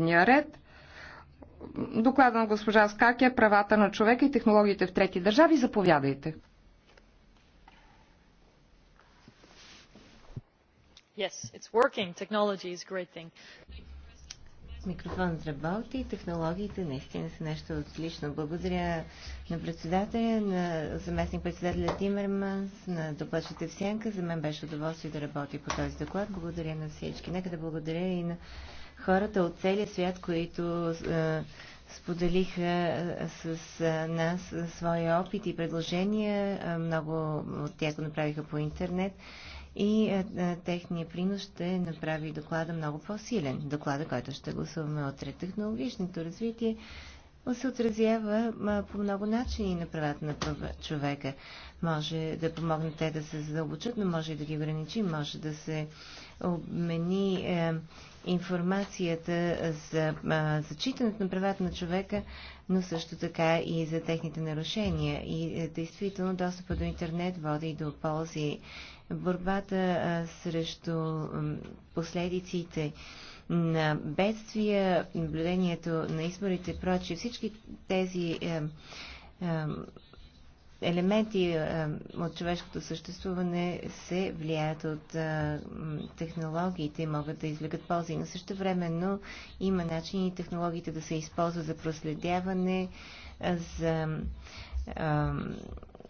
дневния ред. Доклада на госпожа Скакия, правата на човека и технологиите в трети държави. Заповядайте. Yes, it's working. Technology is great thing. Микрофон работи и технологиите наистина са нещо отлично. Благодаря на председателя, на заместник председателя Тимерманс, на докладчите в Сянка. За мен беше удоволствие да работи по този доклад. Благодаря на всички. Нека да благодаря и на хората от целия свят, които споделиха с нас своя опит и предложения. Много от тях го направиха по интернет и техния принос ще направи доклада много по-силен. Доклада, който ще гласуваме отред Технологичното развитие се отразява по много начини на правата на човека. Може да помогне те да се задълбочат, но може и да ги ограничи, може да се обмени информацията за зачитането на правата на човека, но също така и за техните нарушения. И е, действително достъпа до интернет води и до ползи. Борбата срещу последиците на бедствия, наблюдението на изборите и прочие, всички тези е, е, елементи е, от човешкото съществуване се влияят от е, технологиите и могат да извлекат ползи. Но също времено има начини технологиите да се използват за проследяване, за е,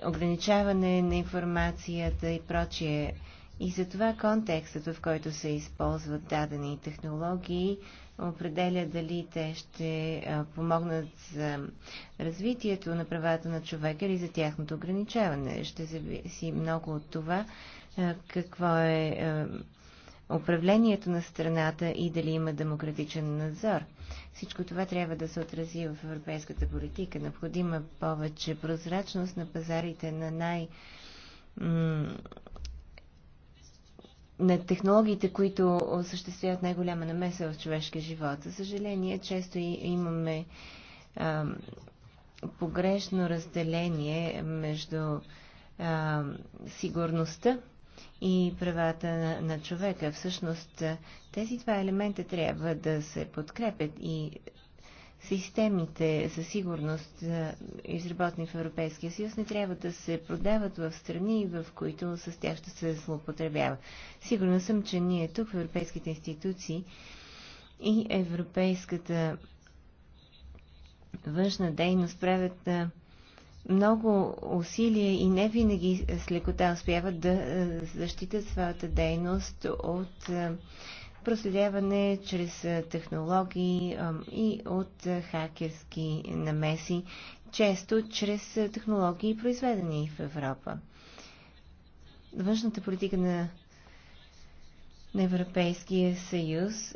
ограничаване на информацията и прочие. И затова контекстът, в който се използват дадени технологии, определя дали те ще помогнат за развитието на правата на човека или за тяхното ограничаване. Ще зависи много от това какво е управлението на страната и дали има демократичен надзор. Всичко това трябва да се отрази в европейската политика. Необходима повече прозрачност на пазарите на най- на технологиите, които осъществяват най-голяма намеса в човешкия живот. За съжаление, често и имаме а, погрешно разделение между а, сигурността и правата на, на човека. Всъщност, тези два елемента трябва да се подкрепят и системите за сигурност, изработени в Европейския съюз, не трябва да се продават в страни, в които с тях ще се злоупотребява. Сигурна съм, че ние тук в европейските институции и европейската външна дейност правят много усилия и не винаги с лекота успяват да защитят своята дейност от проследяване чрез технологии и от хакерски намеси, често чрез технологии, произведени в Европа. Външната политика на, на Европейския съюз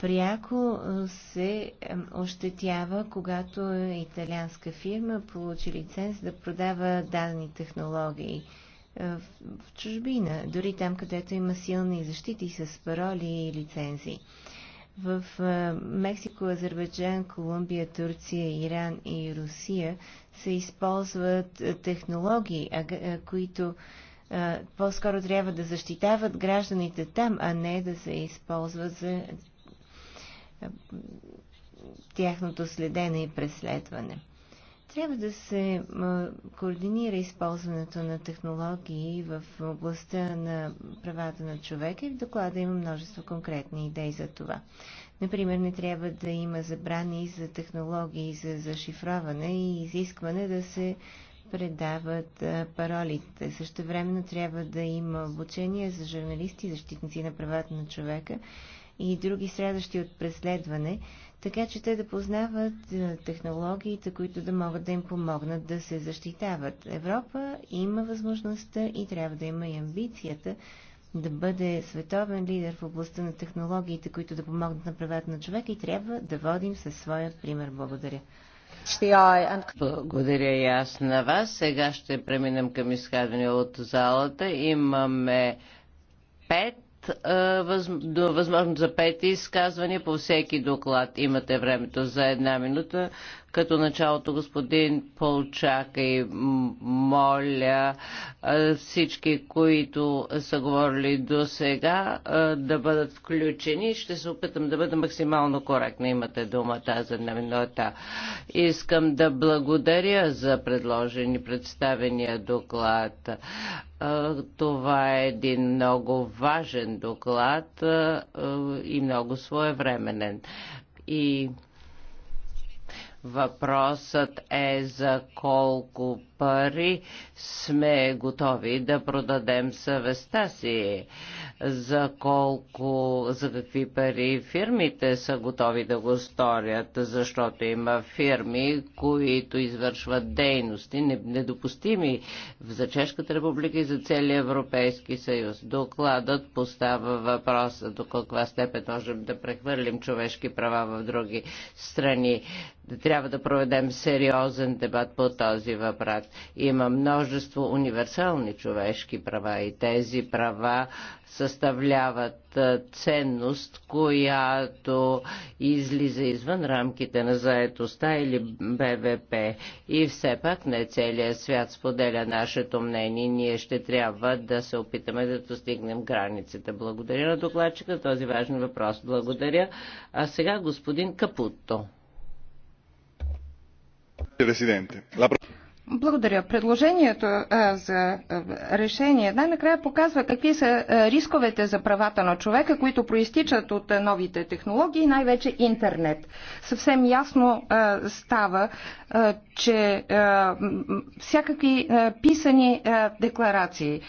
пряко се ощетява, когато италианска фирма получи лиценз да продава дадени технологии в чужбина, дори там, където има силни защити с пароли и лицензии. В Мексико, Азербайджан, Колумбия, Турция, Иран и Русия се използват технологии, които по-скоро трябва да защитават гражданите там, а не да се използват за тяхното следене и преследване. Трябва да се координира използването на технологии в областта на правата на човека и в доклада има множество конкретни идеи за това. Например, не трябва да има забрани за технологии за зашифроване и изискване да се предават паролите. Също времено трябва да има обучение за журналисти, защитници на правата на човека и други страдащи от преследване, така че те да познават е, технологиите, които да могат да им помогнат да се защитават. Европа има възможността и трябва да има и амбицията да бъде световен лидер в областта на технологиите, които да помогнат на правата на човека и трябва да водим със своя пример. Благодаря. Благодаря и аз на вас. Сега ще преминем към изказване от залата. Имаме пет възможност за пет изказвания по всеки доклад. Имате времето за една минута като началото господин Полчак и моля всички, които са говорили до сега, да бъдат включени. Ще се опитам да бъда максимално коректна. Имате думата за новинота. Искам да благодаря за предложени представения доклад. Това е един много важен доклад и много своевременен. И Въпросът е за колко пари сме готови да продадем съвестта си, за колко, за какви пари фирмите са готови да го сторят, защото има фирми, които извършват дейности недопустими за Чешката република и за целия Европейски съюз. Докладът поставя въпроса до каква степен можем да прехвърлим човешки права в други страни трябва да проведем сериозен дебат по този въпрос. Има множество универсални човешки права и тези права съставляват ценност, която излиза извън рамките на заетостта или БВП. И все пак не целият свят споделя нашето мнение. Ние ще трябва да се опитаме да достигнем границите. Благодаря на докладчика този важен въпрос. Благодаря. А сега господин Капутто presidente la. Благодаря. Предложението за решение най-накрая показва какви са рисковете за правата на човека, които проистичат от новите технологии, най-вече интернет. Съвсем ясно става, че всякакви писани декларации,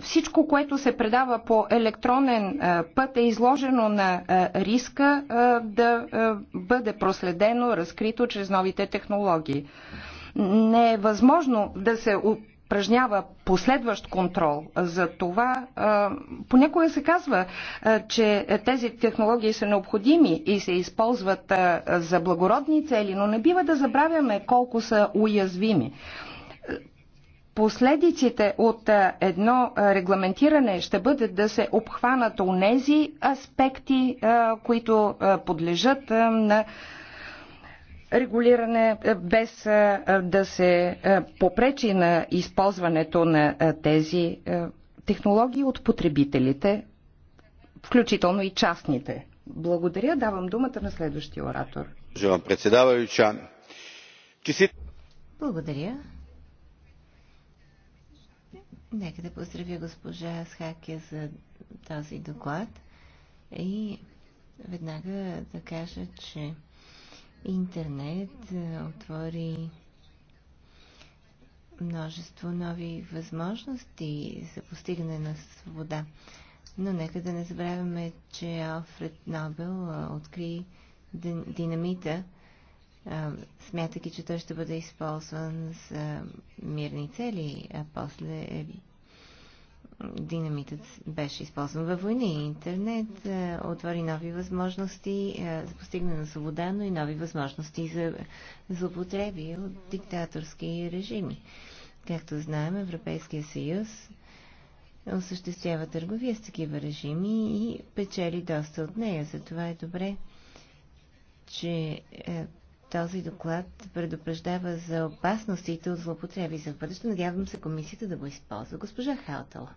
всичко, което се предава по електронен път е изложено на риска да бъде проследено, разкрито чрез новите технологии не е възможно да се упражнява последващ контрол. За това понякога се казва, че тези технологии са необходими и се използват за благородни цели, но не бива да забравяме колко са уязвими. Последиците от едно регламентиране ще бъдат да се обхванат онези аспекти, които подлежат на регулиране, е, без е, да се е, попречи на използването на тези технологии от потребителите, включително и частните. Благодаря. Давам думата на следващия оратор. Благодаря. Нека да поздравя госпожа Схаке за този доклад и веднага да кажа, че интернет е, отвори множество нови възможности за постигане на свобода. Но нека да не забравяме, че Алфред Нобел е, откри динамита, е, смятайки, че той ще бъде използван за мирни цели, а после е динамитът беше използван във войни. Интернет а, е, отвори нови възможности а, е, за постигане на свобода, но и нови възможности за злоупотреби от диктаторски режими. Както знаем, Европейския съюз осъществява търговия с такива режими и печели доста от нея. Затова е добре, че е, този доклад предупреждава за опасностите от злопотреби за бъдеще. Надявам се комисията да го използва. Госпожа Хаутала.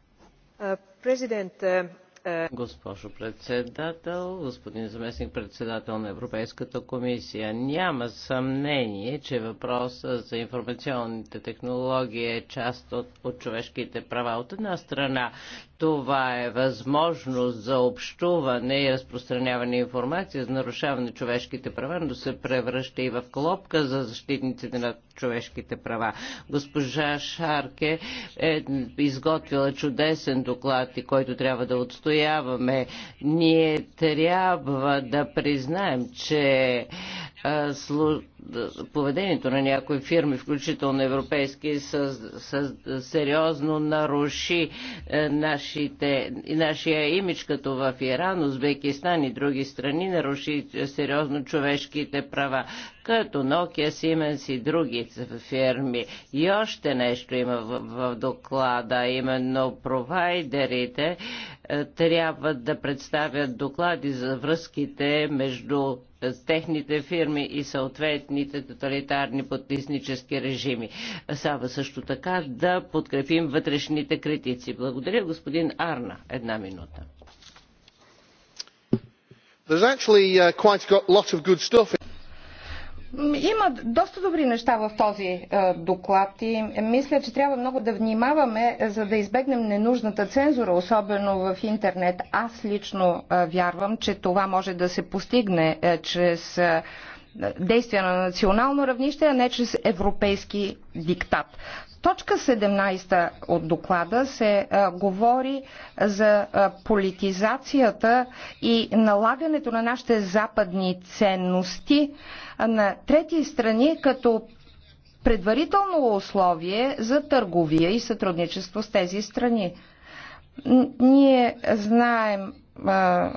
Uh, uh, uh, Госпожо председател, господин заместник председател на Европейската комисия, няма съмнение, че въпросът за информационните технологии е част от, от човешките права. От една страна, това е възможност за общуване и разпространяване информация за нарушаване на човешките права, но се превръща и в клопка за защитниците на човешките права. Госпожа Шарке е изготвила чудесен доклад и който трябва да отстояваме. Ние трябва да признаем, че поведението на някои фирми, включително европейски, сериозно наруши е, нашите, нашия имидж, като в Иран, Узбекистан и други страни, наруши сериозно човешките права, като Nokia, Siemens и други фирми. И още нещо има в, в доклада, именно провайдерите е, трябва да представят доклади за връзките между е, техните фирми и съответните тоталитарни потиснически режими. Сава също така да подкрепим вътрешните критици. Благодаря господин Арна. Една минута. There's actually uh, quite a lot of good stuff In- има доста добри неща в този е, доклад и мисля, че трябва много да внимаваме, за да избегнем ненужната цензура, особено в интернет. Аз лично е, вярвам, че това може да се постигне е, чрез действия на национално равнище, а не чрез европейски диктат. точка 17 от доклада се а, говори за а, политизацията и налагането на нашите западни ценности на трети страни като предварително условие за търговия и сътрудничество с тези страни. Ние знаем а,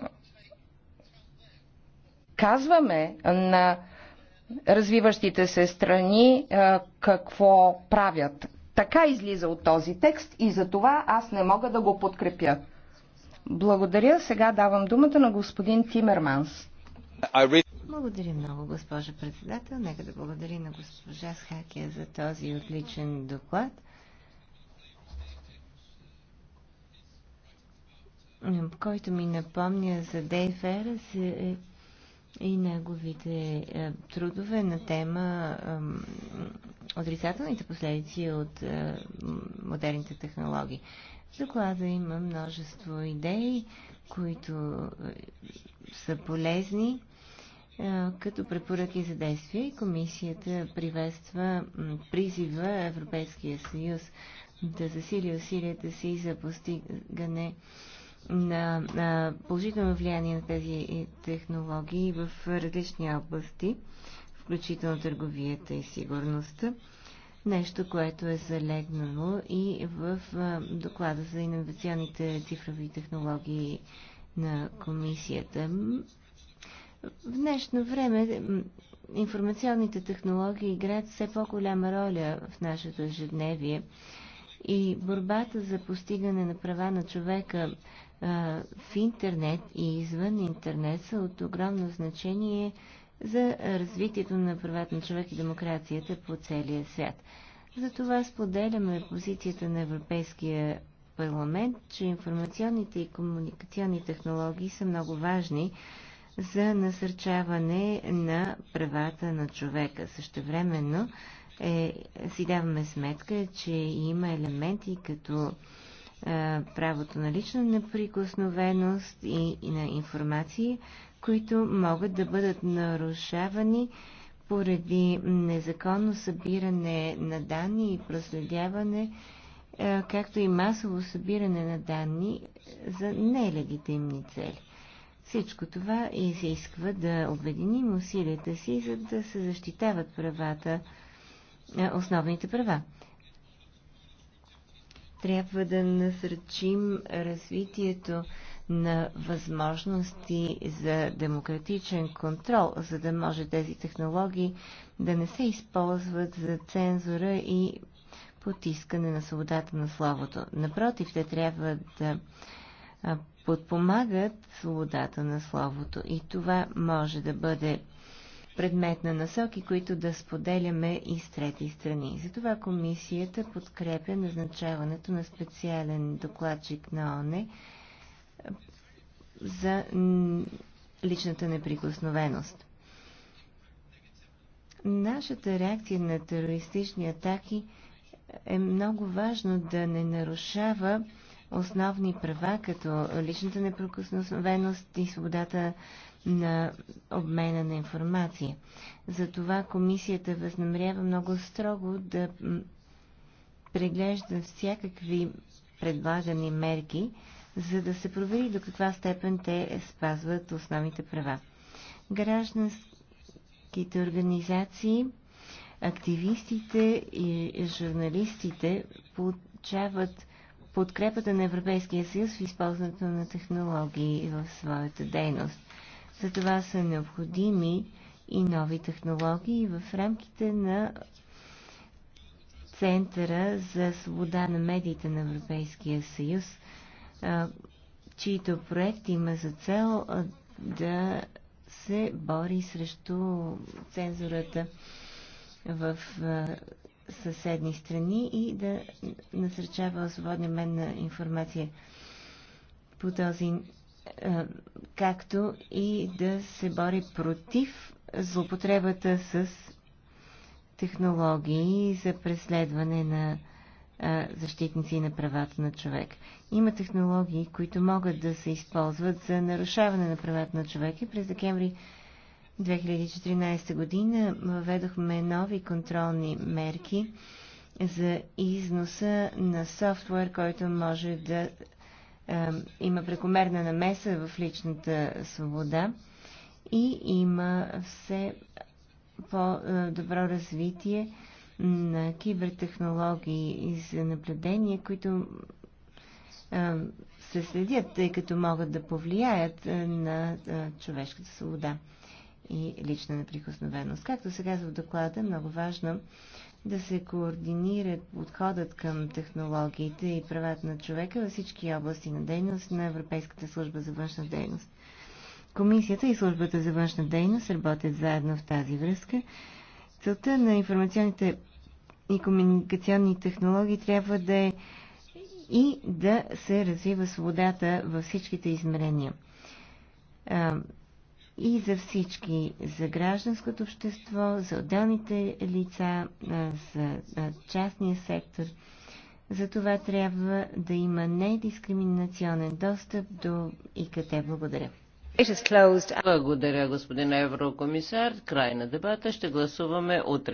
казваме на развиващите се страни какво правят. Така излиза от този текст и за това аз не мога да го подкрепя. Благодаря. Сега давам думата на господин Тимерманс. Благодаря много, госпожа председател. Нека да благодаря на госпожа Схакия за този отличен доклад. който ми напомня за Дейв Ерес, е и неговите е, трудове на тема е, отрицателните последици от е, модерните технологии. В доклада има множество идеи, които е, са полезни е, като препоръки за действие и комисията приветства призива Европейския съюз да засили усилията си за постигане на, на положително влияние на тези технологии в различни области, включително търговията и сигурността. Нещо, което е залегнало и в доклада за инновационните цифрови технологии на комисията. В днешно време информационните технологии играят все по-голяма роля в нашето ежедневие и борбата за постигане на права на човека в интернет и извън интернет са от огромно значение за развитието на правата на човек и демокрацията по целия свят. Затова споделяме позицията на Европейския парламент, че информационните и комуникационни технологии са много важни за насърчаване на правата на човека. Същевременно е, си даваме сметка, че има елементи като е, правото на лична неприкосновеност и, и на информации, които могат да бъдат нарушавани поради незаконно събиране на данни и проследяване, е, както и масово събиране на данни за нелегитимни цели. Всичко това изисква да обединим усилията си, за да се защитават правата, е, основните права. Трябва да насърчим развитието на възможности за демократичен контрол, за да може тези технологии да не се използват за цензура и потискане на свободата на словото. Напротив, те трябва да подпомагат свободата на словото и това може да бъде предмет на насоки, които да споделяме и с трети страни. Затова комисията подкрепя назначаването на специален докладчик на ОНЕ за личната неприкосновеност. Нашата реакция на терористични атаки е много важно да не нарушава основни права, като личната неприкосновеност и свободата на обмена на информация. Затова комисията възнамерява много строго да преглежда всякакви предлагани мерки, за да се провери до каква степен те спазват основните права. Гражданските организации, активистите и журналистите получават подкрепата на Европейския съюз в използването на технологии в своята дейност. За това са необходими и нови технологии в рамките на Центъра за свобода на медиите на Европейския съюз, чието проект има за цел да се бори срещу цензурата в съседни страни и да насърчава свободния мен на информация по този както и да се бори против злопотребата с технологии за преследване на защитници на правата на човек. Има технологии, които могат да се използват за нарушаване на правата на човека. През декември 2014 година въведохме нови контролни мерки за износа на софтуер, който може да е, има прекомерна намеса в личната свобода и има все по-добро развитие на кибертехнологии и за наблюдение, които е, се следят, тъй като могат да повлияят е, на е, човешката свобода и лична неприкосновеност. Както се казва в доклада, много важно да се координира подходът към технологиите и правата на човека във всички области на дейност на Европейската служба за външна дейност. Комисията и службата за външна дейност работят заедно в тази връзка. Целта на информационните и комуникационни технологии трябва да е и да се развива свободата във всичките измерения и за всички, за гражданското общество, за отделните лица, за частния сектор. За това трябва да има недискриминационен достъп до ИКТ. Благодаря. Благодаря, господин еврокомисар. Край на дебата ще гласуваме утре.